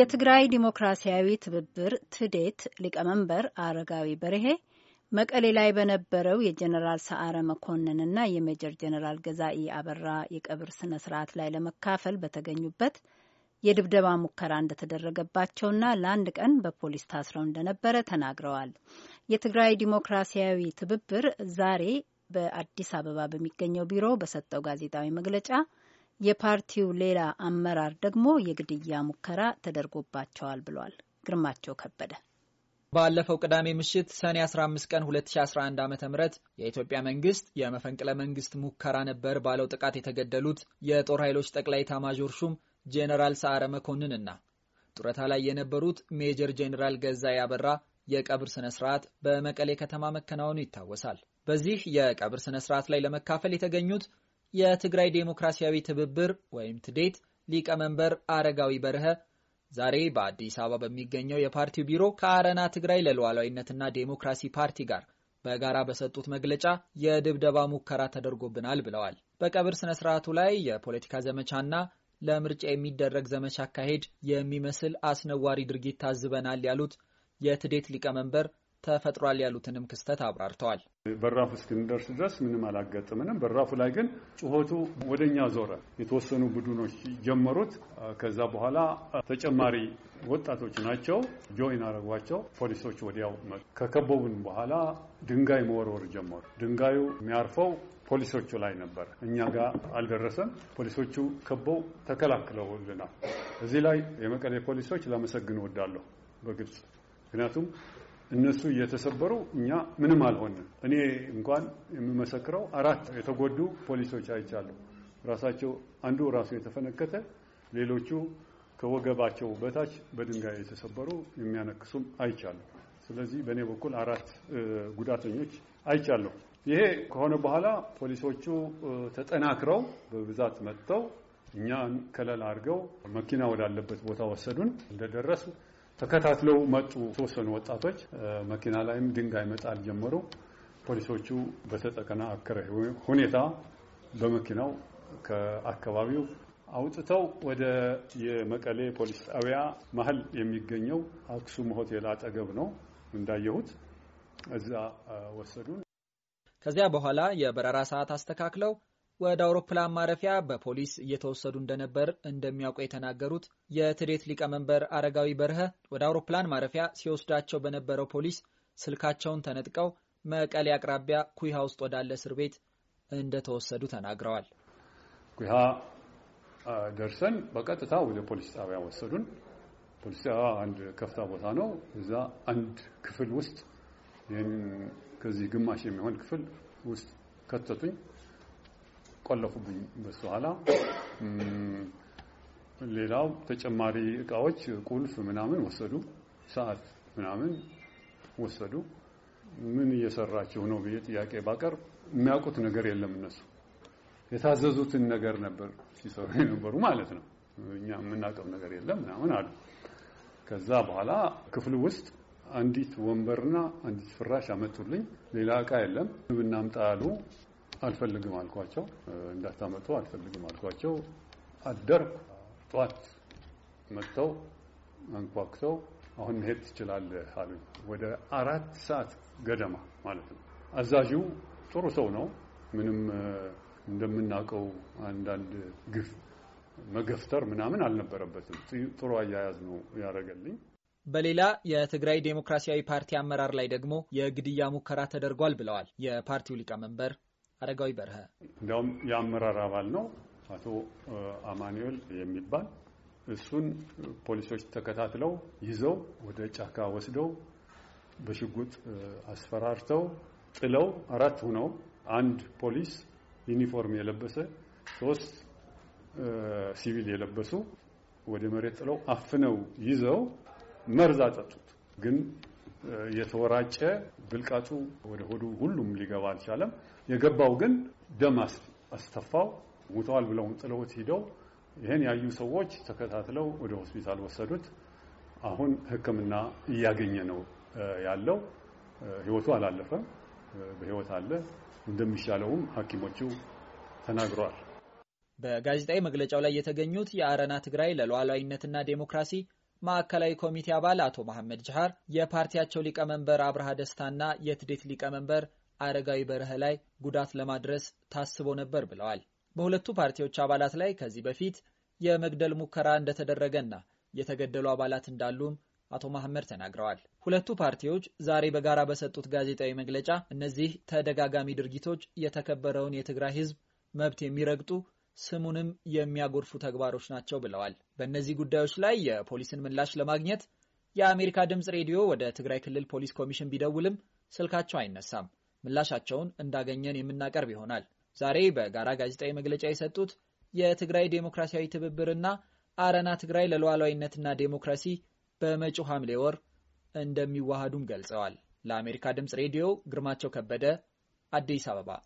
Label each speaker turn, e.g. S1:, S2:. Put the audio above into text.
S1: የትግራይ ዲሞክራሲያዊ ትብብር ትዴት ሊቀመንበር አረጋዊ በርሄ መቀሌ ላይ በነበረው የጀኔራል ሰዓረ መኮንንና የሜጀር ጀኔራል ገዛኢ አበራ የቀብር ስነ ስርዓት ላይ ለመካፈል በተገኙበት የድብደባ ሙከራ እንደተደረገባቸውና ለአንድ ቀን በፖሊስ ታስረው እንደነበረ ተናግረዋል። የትግራይ ዲሞክራሲያዊ ትብብር ዛሬ በአዲስ አበባ በሚገኘው ቢሮ በሰጠው ጋዜጣዊ መግለጫ የፓርቲው ሌላ አመራር ደግሞ የግድያ ሙከራ ተደርጎባቸዋል ብሏል። ግርማቸው ከበደ ባለፈው ቅዳሜ ምሽት ሰኔ 15 ቀን 2011 ዓ ም የኢትዮጵያ መንግስት የመፈንቅለ መንግስት ሙከራ ነበር ባለው ጥቃት የተገደሉት የጦር ኃይሎች ጠቅላይ ታማዦር ሹም ጄኔራል ሰዓረ መኮንንና ጡረታ ላይ የነበሩት ሜጀር ጄኔራል ገዛ ያበራ የቀብር ስነ ስርዓት በመቀሌ ከተማ መከናወኑ ይታወሳል። በዚህ የቀብር ስነ ስርዓት ላይ ለመካፈል የተገኙት የትግራይ ዴሞክራሲያዊ ትብብር ወይም ትዴት ሊቀመንበር አረጋዊ በርሀ ዛሬ በአዲስ አበባ በሚገኘው የፓርቲው ቢሮ ከአረና ትግራይ ለሉዓላዊነትና ዴሞክራሲ ፓርቲ ጋር በጋራ በሰጡት መግለጫ የድብደባ ሙከራ ተደርጎብናል ብለዋል። በቀብር ስነ ስርዓቱ ላይ የፖለቲካ ዘመቻና ለምርጫ የሚደረግ ዘመቻ አካሄድ የሚመስል አስነዋሪ ድርጊት ታዝበናል ያሉት የትዴት ሊቀመንበር ተፈጥሯል
S2: ያሉትንም ክስተት አብራርተዋል። በራፉ እስክንደርስ ድረስ ምንም አላጋጠመንም። በራፉ ላይ ግን ጩኸቱ ወደኛ ዞረ። የተወሰኑ ቡድኖች ጀመሩት። ከዛ በኋላ ተጨማሪ ወጣቶች ናቸው ጆይን አረጓቸው። ፖሊሶች ወዲያው መጡ። ከከበቡን በኋላ ድንጋይ መወርወር ጀመሩ። ድንጋዩ የሚያርፈው ፖሊሶቹ ላይ ነበር እኛ ጋር አልደረሰም። ፖሊሶቹ ከበው ተከላክለውልናል። እዚህ ላይ የመቀሌ ፖሊሶች ላመሰግን እወዳለሁ በግልጽ ምክንያቱም እነሱ እየተሰበሩ እኛ ምንም አልሆንም። እኔ እንኳን የምመሰክረው አራት የተጎዱ ፖሊሶች አይቻለሁ። ራሳቸው አንዱ ራሱ የተፈነከተ ሌሎቹ ከወገባቸው በታች በድንጋይ የተሰበሩ የሚያነክሱም አይቻለሁ። ስለዚህ በእኔ በኩል አራት ጉዳተኞች አይቻለሁ። ይሄ ከሆነ በኋላ ፖሊሶቹ ተጠናክረው በብዛት መጥተው እኛን ከለል አድርገው መኪና ወዳለበት ቦታ ወሰዱን። እንደደረሱ ተከታትለው መጡ። የተወሰኑ ወጣቶች መኪና ላይም ድንጋይ መጣል ጀመሩ። ፖሊሶቹ አከረ ሁኔታ በመኪናው ከአካባቢው አውጥተው ወደ የመቀሌ ፖሊስ ጣቢያ መሀል የሚገኘው አክሱም ሆቴል አጠገብ ነው እንዳየሁት፣
S1: እዛ ወሰዱን። ከዚያ በኋላ የበረራ ሰዓት አስተካክለው ወደ አውሮፕላን ማረፊያ በፖሊስ እየተወሰዱ እንደነበር እንደሚያውቁ የተናገሩት የትዴት ሊቀመንበር አረጋዊ በርሀ ወደ አውሮፕላን ማረፊያ ሲወስዳቸው በነበረው ፖሊስ ስልካቸውን ተነጥቀው መቀሌ አቅራቢያ ኩይሃ ውስጥ ወዳለ እስር ቤት እንደተወሰዱ ተናግረዋል።
S2: ኩይሃ ደርሰን በቀጥታ ወደ ፖሊስ ጣቢያ ወሰዱን። ፖሊስ ጣቢያ አንድ ከፍታ ቦታ ነው። እዛ አንድ ክፍል ውስጥ ይህን ከዚህ ግማሽ የሚሆን ክፍል ውስጥ ከተቱኝ። ቆለፉብኝ። በሱ ኋላ ሌላው ተጨማሪ እቃዎች ቁልፍ ምናምን ወሰዱ፣ ሰዓት ምናምን ወሰዱ። ምን እየሰራችሁ ነው ብዬ ጥያቄ ባቀርብ የሚያውቁት ነገር የለም እነሱ የታዘዙትን ነገር ነበር ሲሰሩ የነበሩ ማለት ነው። እኛ የምናውቀው ነገር የለም ምናምን አሉ። ከዛ በኋላ ክፍሉ ውስጥ አንዲት ወንበርና አንዲት ፍራሽ አመጡልኝ። ሌላ እቃ የለም። ብናምጣ አሉ። አልፈልግም አልኳቸው። እንዳታመጡ አልፈልግም አልኳቸው። አደርኩ። ጠዋት መጥተው አንኳኩተው አሁን መሄድ ትችላለህ አሉኝ። ወደ አራት ሰዓት ገደማ ማለት ነው። አዛዡ ጥሩ ሰው ነው። ምንም እንደምናውቀው አንዳንድ ግፍ መገፍተር ምናምን አልነበረበትም። ጥሩ አያያዝ ነው ያደረገልኝ።
S1: በሌላ የትግራይ ዴሞክራሲያዊ ፓርቲ አመራር ላይ ደግሞ የግድያ ሙከራ ተደርጓል ብለዋል የፓርቲው ሊቀመንበር አረጋዊ በርሀ
S2: እንዲያውም የአመራር አባል ነው አቶ አማኑኤል የሚባል እሱን ፖሊሶች ተከታትለው ይዘው ወደ ጫካ ወስደው በሽጉጥ አስፈራርተው ጥለው አራት ሁነው አንድ ፖሊስ ዩኒፎርም የለበሰ ሶስት ሲቪል የለበሱ ወደ መሬት ጥለው አፍነው ይዘው መርዝ አጠጡት። ግን የተወራጨ ብልቃጡ ወደ ሆዱ ሁሉም ሊገባ አልቻለም። የገባው ግን ደም አስተፋው። ሙተዋል ብለው ጥለውት ሂደው ይህን ያዩ ሰዎች ተከታትለው ወደ ሆስፒታል ወሰዱት። አሁን ሕክምና እያገኘ ነው ያለው። ህይወቱ አላለፈም፣ በህይወት አለ። እንደሚሻለውም ሐኪሞቹ ተናግረዋል።
S1: በጋዜጣዊ መግለጫው ላይ የተገኙት የአረና ትግራይ ለሉዓላዊነትና ዴሞክራሲ ማዕከላዊ ኮሚቴ አባል አቶ መሐመድ ጅሃር የፓርቲያቸው ሊቀመንበር አብርሃ ደስታና የትዴት ሊቀመንበር አረጋዊ በረህ ላይ ጉዳት ለማድረስ ታስቦ ነበር ብለዋል። በሁለቱ ፓርቲዎች አባላት ላይ ከዚህ በፊት የመግደል ሙከራ እንደተደረገና የተገደሉ አባላት እንዳሉም አቶ ማህመድ ተናግረዋል። ሁለቱ ፓርቲዎች ዛሬ በጋራ በሰጡት ጋዜጣዊ መግለጫ እነዚህ ተደጋጋሚ ድርጊቶች የተከበረውን የትግራይ ሕዝብ መብት የሚረግጡ ስሙንም የሚያጎርፉ ተግባሮች ናቸው ብለዋል። በእነዚህ ጉዳዮች ላይ የፖሊስን ምላሽ ለማግኘት የአሜሪካ ድምፅ ሬዲዮ ወደ ትግራይ ክልል ፖሊስ ኮሚሽን ቢደውልም ስልካቸው አይነሳም። ምላሻቸውን እንዳገኘን የምናቀርብ ይሆናል። ዛሬ በጋራ ጋዜጣዊ መግለጫ የሰጡት የትግራይ ዴሞክራሲያዊ ትብብርና አረና ትግራይ ለሉዓላዊነትና ዴሞክራሲ በመጪው ሐምሌ ወር እንደሚዋሃዱም ገልጸዋል። ለአሜሪካ ድምፅ ሬዲዮ ግርማቸው ከበደ አዲስ አበባ